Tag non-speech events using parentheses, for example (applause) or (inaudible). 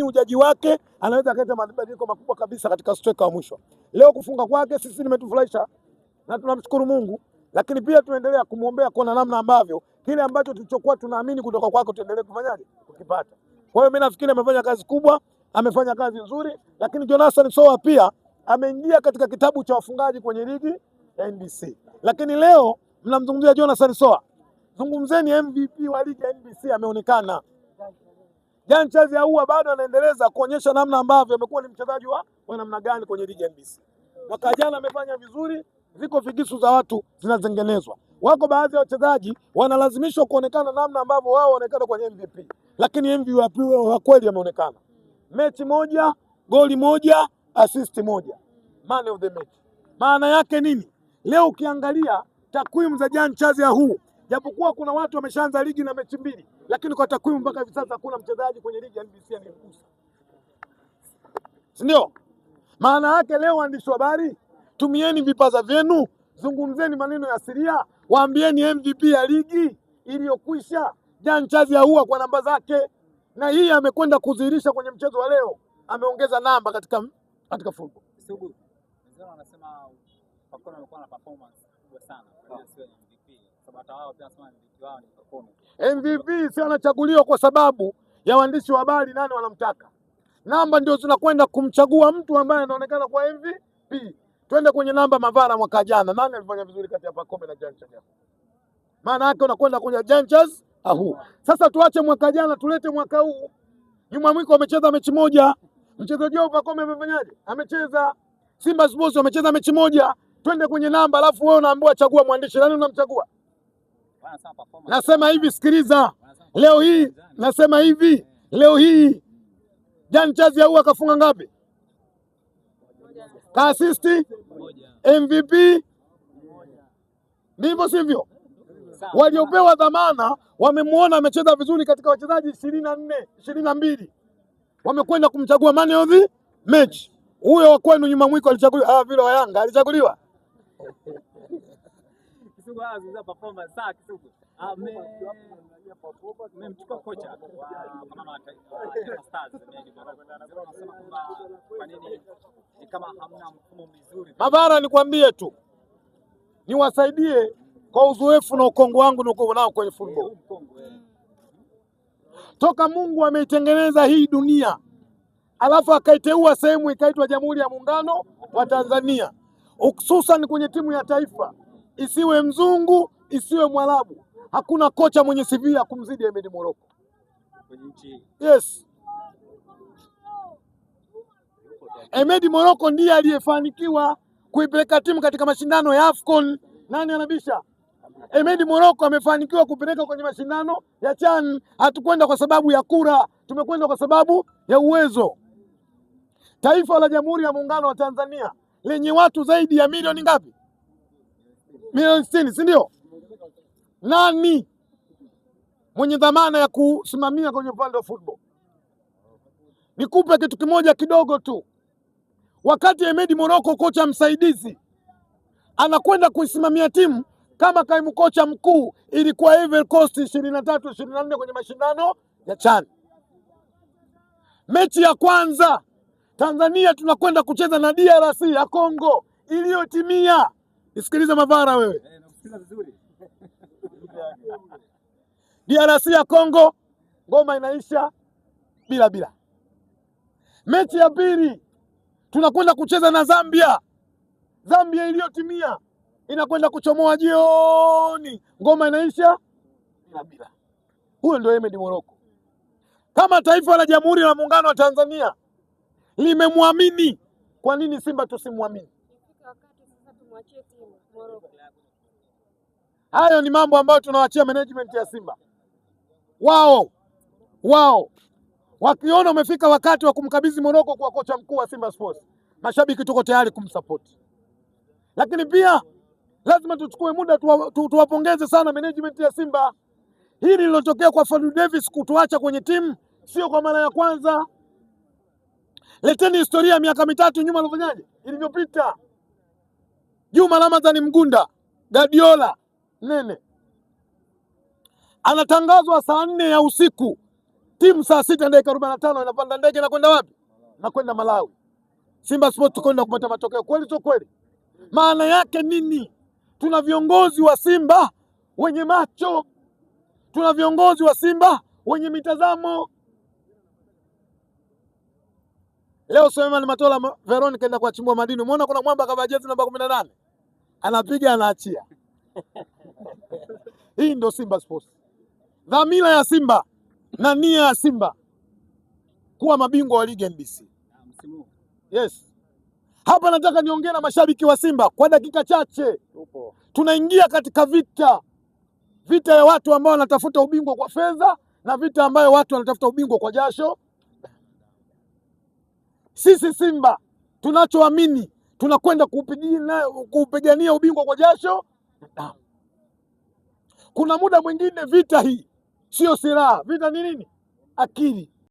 Amini ujaji wake anaweza akaleta mabadiliko makubwa kabisa katika striker wa mwisho. Leo kufunga kwake sisi nimetufurahisha na tunamshukuru Mungu, lakini pia tunaendelea kumwombea kuona namna ambavyo kile ambacho tulichokuwa tunaamini kutoka kwake tuendelee kufanyaje kukipata. Kwa hiyo mimi nafikiri amefanya kazi kubwa, amefanya kazi nzuri, lakini Jonathan Soa pia ameingia katika kitabu cha wafungaji kwenye ligi ya NBC. Lakini leo mnamzungumzia Jonathan Soa, zungumzeni MVP wa ligi ya NBC, ameonekana Jan Chazi Ahoua bado anaendeleza kuonyesha namna ambavyo amekuwa ni mchezaji wa wa namna gani kwenye ligi ya NBC. Mwaka jana amefanya vizuri, ziko figisu za watu zinatengenezwa. Wako baadhi ya wachezaji wanalazimishwa kuonekana namna ambavyo wao wanaonekana kwenye MVP, lakini MVP wa kweli ameonekana mechi moja, goli moja, assist moja, man of the match. Maana yake nini? Leo ukiangalia takwimu za Jan Chazi Ahoua japokuwa kuna watu wameshaanza ligi na mechi mbili, lakini kwa takwimu mpaka hivi sasa hakuna mchezaji kwenye ligi ya NBC aliyemgusa, si ndio? Maana yake leo, waandishi wa habari, tumieni vipaza vyenu, zungumzeni maneno ya asilia, waambieni MVP ya ligi iliyokwisha Jan Chazi aua kwa namba zake, na hii amekwenda kudhihirisha kwenye mchezo wa leo, ameongeza namba katika katika football. MVP si anachaguliwa kwa sababu ya waandishi wa habari, nani wanamtaka namba, ndio zinakwenda kumchagua mtu ambaye anaonekana kwa MVP. Twende kwenye namba Mavara mwaka jana, nani alifanya vizuri kati ya Pacome na Janchez? Maana yake unakwenda kwenye Janchas ahu. Sasa tuache mwaka jana, tulete mwaka huu. Juma Mwiko amecheza mechi moja, mchezaji wao Pacome amefanyaje? Amecheza. Simba Sports amecheza mechi moja. Twende kwenye namba, alafu wewe unaambiwa chagua mwandishi, nani unamchagua? Nasema hivi, sikiliza leo hii, nasema hivi leo hii, Jan Chazi au akafunga ngapi? Kaasisti MVP, ndivyo sivyo? Waliopewa dhamana wamemwona amecheza vizuri katika wachezaji ishirini na nne ishirini na mbili wamekwenda kumchagua man of the match. Huyo wa kwenu nyuma mwiko alichaguliwa ah, vile wa Yanga alichaguliwa Kisugu azungumza performa saa Kisugu amemchukua kocha wa Stars anasema kwamba kwa nini ni kama hamna mfumo mzuri. nikwambie tu niwasaidie kwa uzoefu na ukongo wangu niko nao kwenye football. Eh, eh. Toka Mungu ameitengeneza hii dunia alafu akaiteua sehemu ikaitwa Jamhuri ya Muungano wa Tanzania, hususan kwenye timu ya taifa isiwe mzungu, isiwe Mwarabu. Hakuna kocha mwenye CV ya kumzidi Ahmed Moroko Yes, Ahmed Moroko ndiye aliyefanikiwa kuipeleka timu katika mashindano ya AFCON. Nani anabisha? Ahmed Moroko amefanikiwa kupeleka kwenye mashindano ya CHAN. Hatukwenda kwa sababu ya kura, tumekwenda kwa sababu ya uwezo. Taifa la Jamhuri ya Muungano wa Tanzania lenye watu zaidi ya milioni ngapi? milioni sitini, si ndio? Nani mwenye dhamana ya kusimamia kwenye upande wa football? Nikupe kitu kimoja kidogo tu. Wakati Emedi Moroko, kocha msaidizi, anakwenda kuisimamia timu kama kaimu kocha mkuu, ilikuwa Ivory Coast ishirini na tatu ishirini na nne kwenye mashindano ya CHAN. Mechi ya kwanza Tanzania tunakwenda kucheza na DRC ya Congo iliyotimia Nisikilize Mavara wewe. Eh, (laughs) DRC ya kongo ngoma inaisha bila bila. Mechi ya pili tunakwenda kucheza na Zambia. Zambia iliyotimia inakwenda kuchomoa jioni, ngoma inaisha bila bila. Huyo ndio emedi Moroko. Kama taifa la Jamhuri la Muungano wa Tanzania limemwamini, kwa nini Simba tusimwamini? mwachie timu Morocco. Hayo ni mambo ambayo tunawaachia management ya Simba wao wao, wakiona umefika wakati wa kumkabidhi Morocco kwa kocha mkuu wa Simba Sports, mashabiki tuko tayari kumsapoti, lakini pia lazima tuchukue muda tuwapongeze tu, tu sana management ya Simba. Hili lilotokea kwa Fadlu Davis kutuacha kwenye timu sio kwa mara ya kwanza. Leteni historia miaka mitatu nyuma alivyofanyaje ilivyopita. Juma Ramadhani Mgunda Guardiola Nene anatangazwa saa nne ya usiku, timu saa sita dakika arobaini na tano inapanda ndege na kwenda wapi? Na kwenda Malawi. Simba Sports kwenda kupata matokeo, kweli sio kweli? Maana yake nini? Tuna viongozi wa Simba wenye macho, tuna viongozi wa Simba wenye mitazamo. Leo Suleiman Matola Veronica kaenda kuachimbua madini. Umeona kuna mwamba kavaa jezi namba kumi na nane anapiga anaachia. (laughs) Hii ndo Simba Sports. Dhamira ya Simba na nia ya Simba kuwa mabingwa wa ligi NBC. Yes. Hapa nataka niongee na mashabiki wa Simba kwa dakika chache. Tunaingia katika vita, vita ya watu ambao wanatafuta ubingwa kwa fedha na vita ambayo watu wanatafuta ubingwa kwa jasho. Sisi Simba tunachoamini tunakwenda kuupigania ubingwa kwa jasho na damu. Kuna muda mwingine vita hii sio silaha, vita ni nini? Akili.